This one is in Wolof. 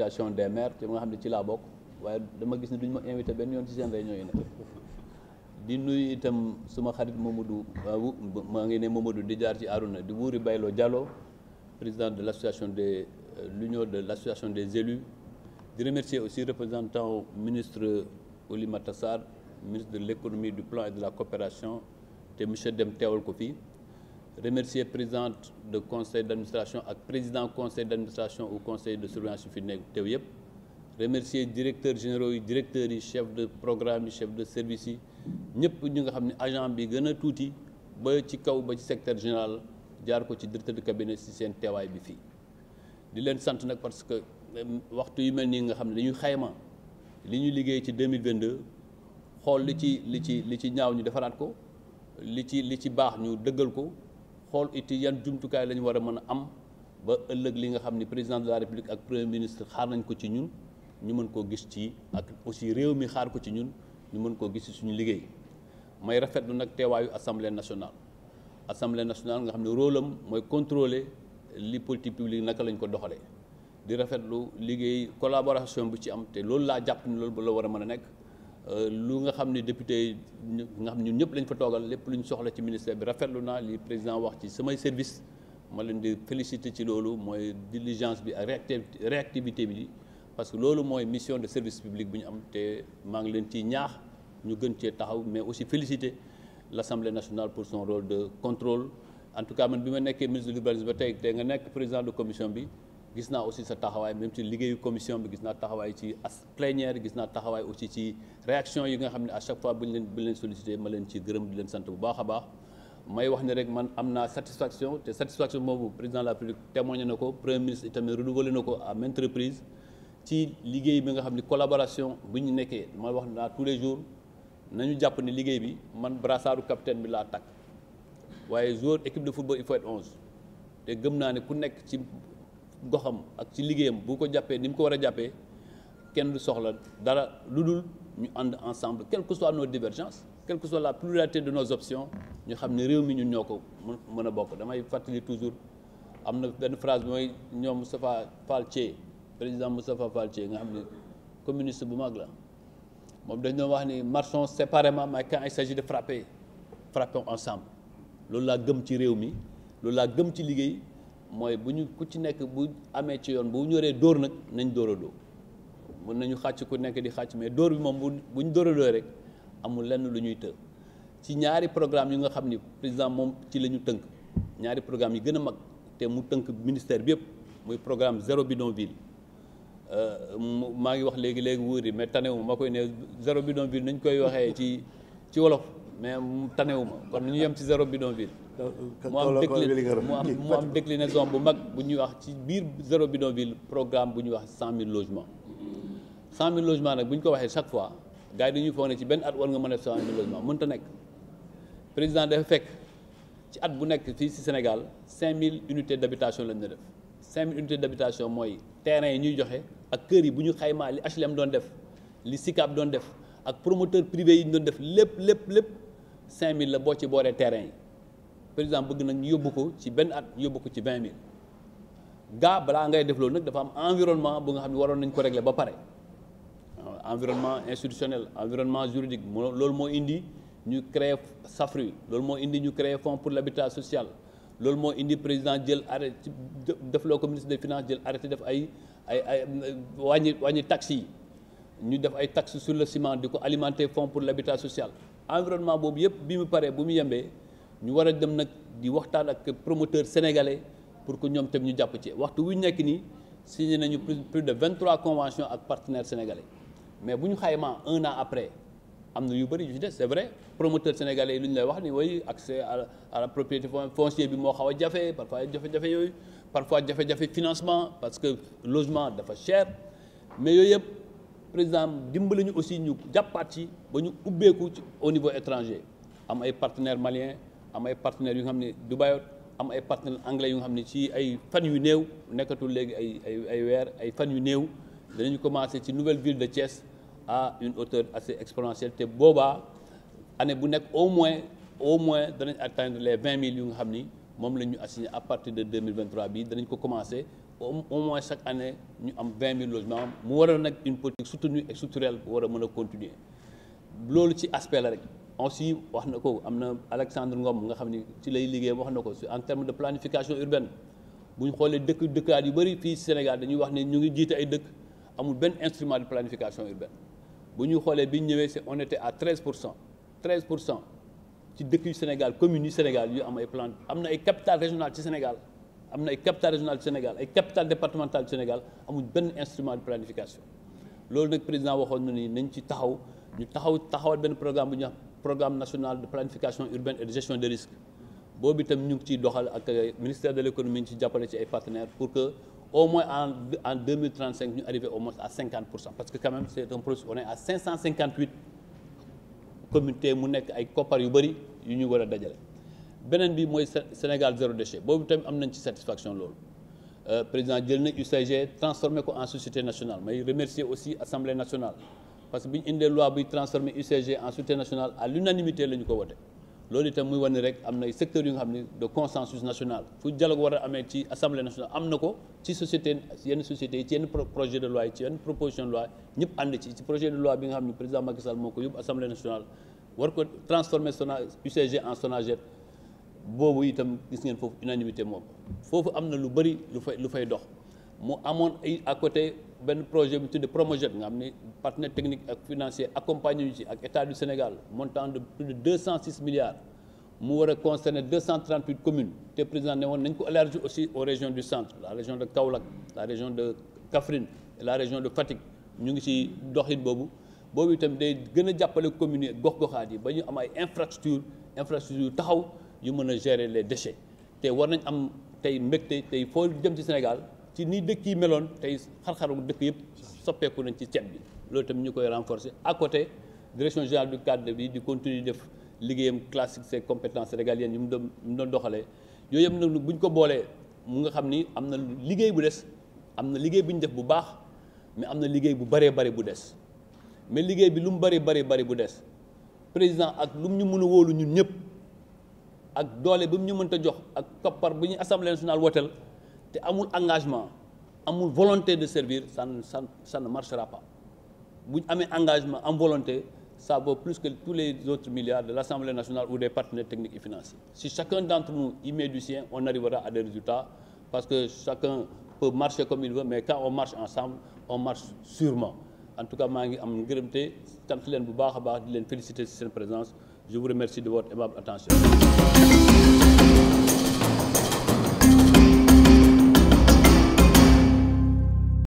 association des maires ci nga xam ne ci laa bokk waaye dama gis ne duñ ma invité benn yoon ci seen réunion yi nag di nuyu itam suma xarit Mamadou waaw maa ngi ne di jaar ci Arouna di wuuri bayloo Diallo président de l'association des euh, l'union de l'association des élus di remercier aussi représentant ministre Oulimata Sarr ministre de l'économie du plan et de la coopération te monsieur dem teewal ko fii remercier présidente de conseil d'administration ak président conseil d'administration ou conseil de surveillance yu fi nekk teew yëpp remercier directeur généraux yi directeur yi chef de programme yi chef de service yi ñëpp ñu nga xam ne agent bi gën a tuuti ba ci kaw ba ci secteur général jaar ko ci directeur de cabinet si seen teewaay bi fii di leen sant nag parce que waxtu yi mel nii nga xam ne dañuy xayma li ñu liggéey ci 2022 xool li ci li ci li ci ñaaw ñu defaraat ko li ci li ci baax ñu dëggal ko xool itti yan jumtukaay la ñu war a mën a am ba ëllëg li nga xam ne président de la république ak premier ministre xaar nañ ko ci ñun ñu mën koo gis ci ak aussi réew mi xaar ko ci ñun ñu mën koo gis ci suñu liggéey may rafetlu nag teewaayu assemblée nationale. assemblée nationale nga xam ne rôle am mooy contrôler li politique publique naka lañ ko doxalee di rafetlu liggéey collaboration bu ci am te loolu laa jàpp ni loolu ba la war a mën a nekk. Euh, lu nga xam ne député yi nga xam ñun ñëpp lañ fa toogal lépp lu ñu soxla ci ministère bi rafetlu naa li président wax ci samay service ma leen di féliciter ci loolu mooy diligence bi ak réactivité bi parce que loolu mooy mission de service public bu ñu am te maa ngi leen ci ñaax ñu gën cee taxaw mais aussi féliciter l'Assemblée nationale pour son rôle de contrôle en tout cas man bi ma nekkee ministre de l'urbanisme ba tey te nga nekk président de commission bi gis naa aussi sa taxawaay même ci liggéeyu commission bi gis naa taxawaay ci as plénière gis naa taxawaay aussi ci réaction yi nga xam ne à chaque fois bu ñu leen bu leen sollicité ma leen ci gërëm di leen sant bu baax a baax may wax ne rek man am naa satisfaction te satisfaction boobu président la République témoigné na ko premier ministre itamit renouvelé na ko à maintes ci liggéey bi nga xam ne collaboration bu ñu nekkee ma wax naa tous les jours bi man brassaru capitaine bi laa takk waaye joueur équipe de football il goxam ak ci liggéeyam bu ko jàppee ni mu ko war a jàppee kenn du soxla dara lu dul ñu ànd ensemble quelles que soient nos divergences quelle soit la pluralité de nos options ñu xam ne réew mi ñun ñoo ko mën a bokk damay fàttali toujours am na benn phrase mooy ñoom Moustapha Fall Thié président Moustapha Fall Thié nga xam ne communiste bu mag la moom dañ doon wax ni marchons séparément mais quand il s'agit de frapper frappons ensemble loolu laa gëm ci réew mi loolu laa gëm ci liggéey mooy bu ñu ku ci nekk bu amee ci yoon bu ñoree dóor nag nañ dóoradoo mun nañu xàcc ku nekk di xàcc mais dóor bi moom bu bu ñu dóoradoo rek amul lenn lu ñuy të ci ñaari programme yu nga xam ni président moom ci la ñu tënk ñaari programme yi gën a mag te mu tënk ministère bi yëpp muy programme zéro bi bidonville euh, maa ngi wax léegi léegi wuuri mais tanewu ma koy ne zéro bidonville nañ koy waxee ci ci wolof mais tanewu ma kon ñu yem ci zéro bidonville mu am déclin mu am déclinaison bu mag bu ñuy wax ci biir zéro bidonville programme bu ñuy wax cent mille logements cent nag bu ko waxee chaque fois gars yi dañuy foog ne ci benn at war nga mën a def cent mille logements mënut a nekk président fekk ci at bu nekk fii si Sénégal cinq mille unités d'habitation lañ na def cinq unité unités d'habitation mooy terrain yi ñuy joxe ak kër yi bu ñu xaymaa li HLM doon def li SICAP doon def ak promoteur privé yi ñu doon def lépp lépp lépp cinq mille la boo ci booree terrain yi président bëgg nañ ñu yóbbu ko ci benn at yóbbu ko ci vingt mille gaa balaa ngay def loolu nag dafa am environnement bu nga xam ne waroon nañ ko régler ba pare ah, environnement institutionnel environnement juridique moo loolu moo indi ñu créé SAFRU loolu moo indi ñu créé fonds pour l'habitat social loolu moo indi président jël arrêté def loo ko ministre des finances jël arrêté def ay ay ay wàññi wàññi taxes yi ñu def ay taxes sur le ciment di ko alimenter fonds pour l'habitat social environnement boobu yëpp bi mu paree bu mu yembee ñu war a dem nag di waxtaan ak promoteur sénégalais pour que ñoom tam ñu jàpp ci waxtu wu nekk nii signe nañu plus de vingt 23 convention ak partenaires sénégalais mais bu ñu xaymaa un an après am na yu bëri yu ci de c'est vrai promoteur sénégalais yi lu ñu lay wax ni way accès à la propriété foncière bi moo xaw a jafe parfois jafe-jafe yooyu parfois jafe-jafe financement parce que logement dafa cher mais yooyu yëpp exemple dimbali ñu aussi ñu jàppaat ci ba ñu ubbeeku ci au niveau étranger am ay partenaires maliens am ay partenaires yu nga xam ne Dubaï am ay partenaires anglais yu nga xam ne ci ay fan yu néew nekkatul léegi ay ay ay weer ay fan yu néew danañu commencé ci nouvelle ville de Thiès à une hauteur assez exponentielle te boobaa anne bu nekk au moins au moins danañ atteindre les vingt mille yu nga xam ni moom la ñu à partir de deux mille vingt bii danañ ko commencé au moins chaque année ñu am vingt mille logements mu war a nag une politique soutenue et structurelle bu war a mën a continuer loolu ci aspect la rek. aussi wax na ko am na Alexandre Ngom nga xam ni ci lay liggéey wax na ko en terme de planification urbaine bu ñu xoolee dëkk dëkkaat yu bëri fii Sénégal dañuy wax ni ñu ngi jiite ay dëkk amul benn instrument de planification urbaine bu ñu xoolee bi ñu ñëwee c'est on était à 13 pour cent 13 pour cent ci dëkk yu Sénégal commune yu Sénégal yu am ay plan am na ay capitales régionales ci Sénégal am na ay capitales régionales ci Sénégal ay capitales départementales ci Sénégal amul benn instrument loolu nag waxoon na ni nañ ci taxaw ñu taxaw taxawal benn programme bu ñu programme national de planification urbaine et de gestion des risques boobu itam ñu ngi ciy doxal ak euh, ministère de l' ci jàppale ci ay partenaires pour que au moins en en deux mille trente cinq ñu arrivé au moins à parce que quand même c' est un à cinq mu nekk ay koppar yu bëri yu ñu war a dajale. beneen bi mooy Sénégal zéro déchet boobu itam am nañ ci satisfaction loolu euh, président jël na UCG transformé ko en société nationale may remercier aussi assemblée nationale. parce que bi ñu indee loi buy transformer UCG en sûreté nationale à l'unanimité la ñu ko wote loolu itam xam ne de consensus national fu a amee ci assemblée nationale am na ko ci société yenn sociétés yi ci yenn projet de loi yi ci yenn proposition de loi ñëpp projet de loi bi nga xam ne président Macky Sall moo ko yóbbu assemblée nationale war transformer UCG en SONAGED boobu itam gis ngeen foofu unanimité moom foofu am na lu bëri lu fay lu fay dox mu amoon ay à côté benn projet bu tudd Promojet nga am ni partenaire technique ak financier accompagné ci ak état du Sénégal montant de plus de cent six milliards mu war a concerner deux cent trente huit communes te président ne woon nañ ko élargir aussi aux régions du centre la région de Kaolack la région de Kaffrine et la région de Fatick ñu ngi ci doxin boobu boobu itam day gën a jàppale communes yi gox-goxaat yi ba ñu am ay infrastructure infrastructure taxaw yu mën a gérer les déchets te war nañ am tey mbégte tey foo jëm ci Sénégal ci ni dëkk yi meloon tey xar dëkk yëpp soppeeku nañ ci cet bi loolu tamit ñu koy renforcer à côté direction générale du cadre bi di continuer def liggéeyam classique ses compétences régaliennes yu mu doon mu doon doxalee yooyu yëpp nag bu ñu ko boolee mu nga xam ni am na liggéey bu des am na liggéey bu ñu def bu baax mais am na liggéey bu bëree bëri bu des mais liggéey bi lu mu bëri bëri bëri bu des président ak lu mu ñu mën a wóolu ñun ñëpp ak doole bi mu ñu mënta jox ak koppar bu ñu assemblée nationale wotel te amul engagement amul volonté de servir ça ça ça ne marchera pas bu ñu amee engagement en volonté ça vaut plus que tous les autres milliards de l'Assemblée nationale ou des partenaires techniques et financiers si chacun d'entre nous y met du sien on arrivera à des résultats parce que chacun peut marcher comme il veut mais quand on marche ensemble on marche sûrement en tout cas maa ngi am ngërëmte tant leen bu baax a baax di leen féliciter ci seen présence je vous remercie de